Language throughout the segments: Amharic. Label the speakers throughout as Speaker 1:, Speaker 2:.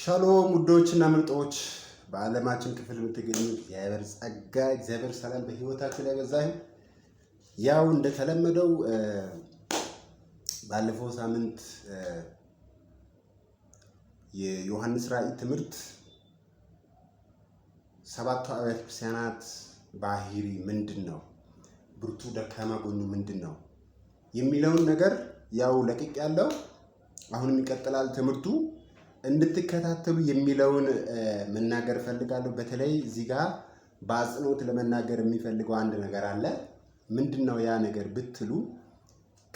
Speaker 1: ሻሎም ውዶች እና ምርጦች በዓለማችን ክፍል የምትገኙ እግዚአብሔር ጸጋ እግዚአብሔር ሰላም በህይወታችን ላይ በዛ። ያው እንደተለመደው ባለፈው ሳምንት የዮሐንስ ራእይ ትምህርት ሰባቱ አብያተ ክርስቲያናት ባህሪ ምንድን ነው፣ ብርቱ ደካማ ጎኑ ምንድን ነው የሚለውን ነገር ያው ለቅቅ ያለው አሁንም ይቀጥላል ትምህርቱ እንድትከታተሉ የሚለውን መናገር እፈልጋለሁ። በተለይ እዚህ ጋር በአጽንኦት ለመናገር የሚፈልገው አንድ ነገር አለ። ምንድን ነው ያ ነገር ብትሉ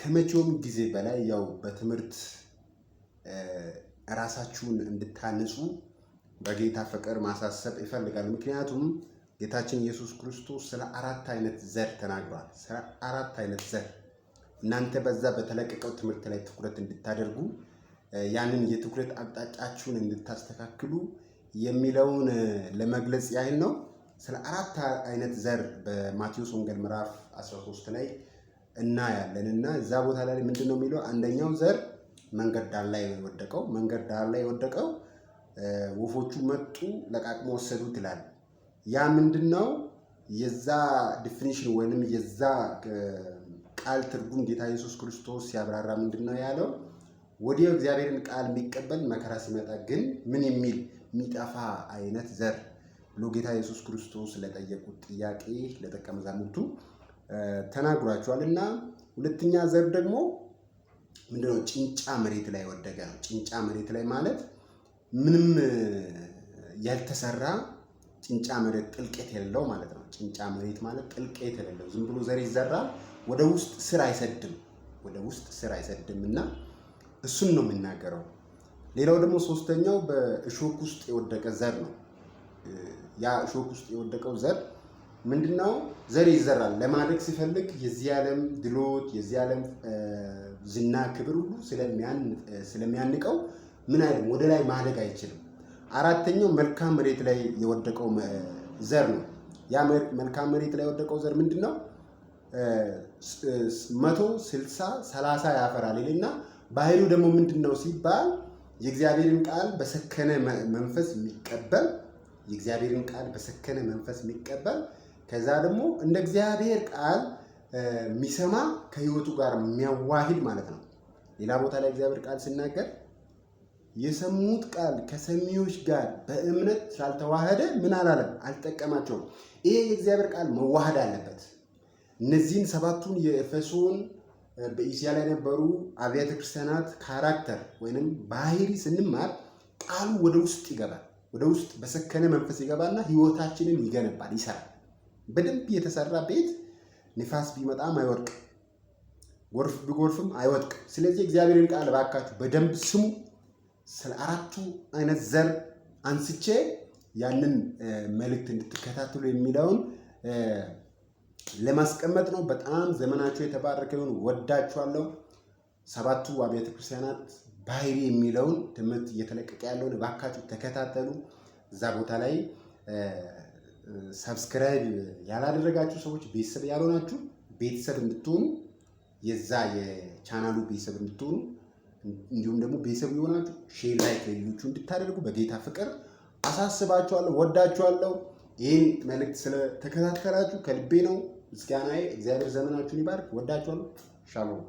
Speaker 1: ከመቼውም ጊዜ በላይ ያው በትምህርት ራሳችሁን እንድታንጹ በጌታ ፍቅር ማሳሰብ ይፈልጋል። ምክንያቱም ጌታችን ኢየሱስ ክርስቶስ ስለ አራት አይነት ዘር ተናግሯል። ስለ አራት አይነት ዘር እናንተ በዛ በተለቀቀው ትምህርት ላይ ትኩረት እንድታደርጉ ያንን የትኩረት አቅጣጫችሁን እንድታስተካክሉ የሚለውን ለመግለጽ ያህል ነው። ስለ አራት አይነት ዘር በማቴዎስ ወንጌል ምዕራፍ 13 ላይ እናያለን እና እዛ ቦታ ላይ ምንድን ነው የሚለው? አንደኛው ዘር መንገድ ዳር ላይ የወደቀው መንገድ ዳር ላይ የወደቀው ወፎቹ መጡ ለቃቅሞ ወሰዱ ትላል። ያ ምንድን ነው? የዛ ዲፊኒሽን ወይንም የዛ ቃል ትርጉም ጌታ ኢየሱስ ክርስቶስ ሲያብራራ ምንድን ነው ያለው? ወዲያው እግዚአብሔርን ቃል የሚቀበል መከራ ሲመጣ ግን ምን የሚል የሚጠፋ አይነት ዘር ብሎ ጌታ ኢየሱስ ክርስቶስ ለጠየቁት ጥያቄ ለደቀ መዛሙርቱ ተናግሯቸዋል እና ሁለተኛ ዘር ደግሞ ምንድነው? ጭንጫ መሬት ላይ ወደቀ ነው። ጭንጫ መሬት ላይ ማለት ምንም ያልተሰራ ጭንጫ መሬት ጥልቀት የሌለው ማለት ነው። ጭንጫ መሬት ማለት ጥልቀት የሌለው ዝም ብሎ ዘር ይዘራል፣ ወደ ውስጥ ስር አይሰድም፣ ወደ ውስጥ ስር አይሰድም እና እሱን ነው የምናገረው። ሌላው ደግሞ ሶስተኛው በእሾክ ውስጥ የወደቀ ዘር ነው። ያ እሾክ ውስጥ የወደቀው ዘር ምንድነው? ዘር ይዘራል ለማደግ ሲፈልግ የዚህ ዓለም ድሎት፣ የዚህ ዓለም ዝና፣ ክብር ሁሉ ስለሚያንቀው ምን አይልም፣ ወደ ላይ ማደግ አይችልም። አራተኛው መልካም መሬት ላይ የወደቀው ዘር ነው። ያ መልካም መሬት ላይ የወደቀው ዘር ምንድነው? መቶ ስልሳ ሰላሳ ያፈራል ይልና ባህሪው ደግሞ ምንድን ነው ሲባል የእግዚአብሔርን ቃል በሰከነ መንፈስ የሚቀበል የእግዚአብሔርን ቃል በሰከነ መንፈስ የሚቀበል ከዛ ደግሞ እንደ እግዚአብሔር ቃል የሚሰማ ከህይወቱ ጋር የሚያዋሂድ ማለት ነው። ሌላ ቦታ ላይ እግዚአብሔር ቃል ሲናገር የሰሙት ቃል ከሰሚዎች ጋር በእምነት ስላልተዋህደ ምን አላለም፣ አልጠቀማቸውም። ይሄ የእግዚአብሔር ቃል መዋሃድ አለበት። እነዚህን ሰባቱን የኤፌሶን በኢስያ ላይ የነበሩ አብያተ ክርስቲያናት ካራክተር ወይንም ባህሪ ስንማር ቃሉ ወደ ውስጥ ይገባል። ወደ ውስጥ በሰከነ መንፈስ ይገባና ህይወታችንን ይገነባል፣ ይሰራል። በደንብ የተሰራ ቤት ንፋስ ቢመጣም አይወድቅ፣ ጎርፍ ቢጎርፍም አይወድቅ። ስለዚህ እግዚአብሔርን ቃል እባካችሁ በደንብ ስሙ። ስለ አራቱ አይነት ዘር አንስቼ ያንን መልእክት እንድትከታተሉ የሚለውን ለማስቀመጥ ነው። በጣም ዘመናቸው የተባረከ ይሁን። ወዳችኋለሁ። ሰባቱ አብያተ ክርስቲያናት ባህሪ የሚለውን ትምህርት እየተለቀቀ ያለውን እባካችሁ ተከታተሉ። እዛ ቦታ ላይ ሰብስክራይብ ያላደረጋችሁ ሰዎች ቤተሰብ ያልሆናችሁ ቤተሰብ እንድትሆኑ የዛ የቻናሉ ቤተሰብ እንድትሆኑ እንዲሁም ደግሞ ቤተሰብ የሆናችሁ ሼር ላይክ ለሌሎቹ እንድታደርጉ በጌታ ፍቅር አሳስባችኋለሁ። ወዳችኋለሁ። ይህን መልእክት ስለተከታተላችሁ ከልቤ ነው። ምስጋናዬ እግዚአብሔር ዘመናችሁን ይባርክ። ወዳችኋል። ሻሎም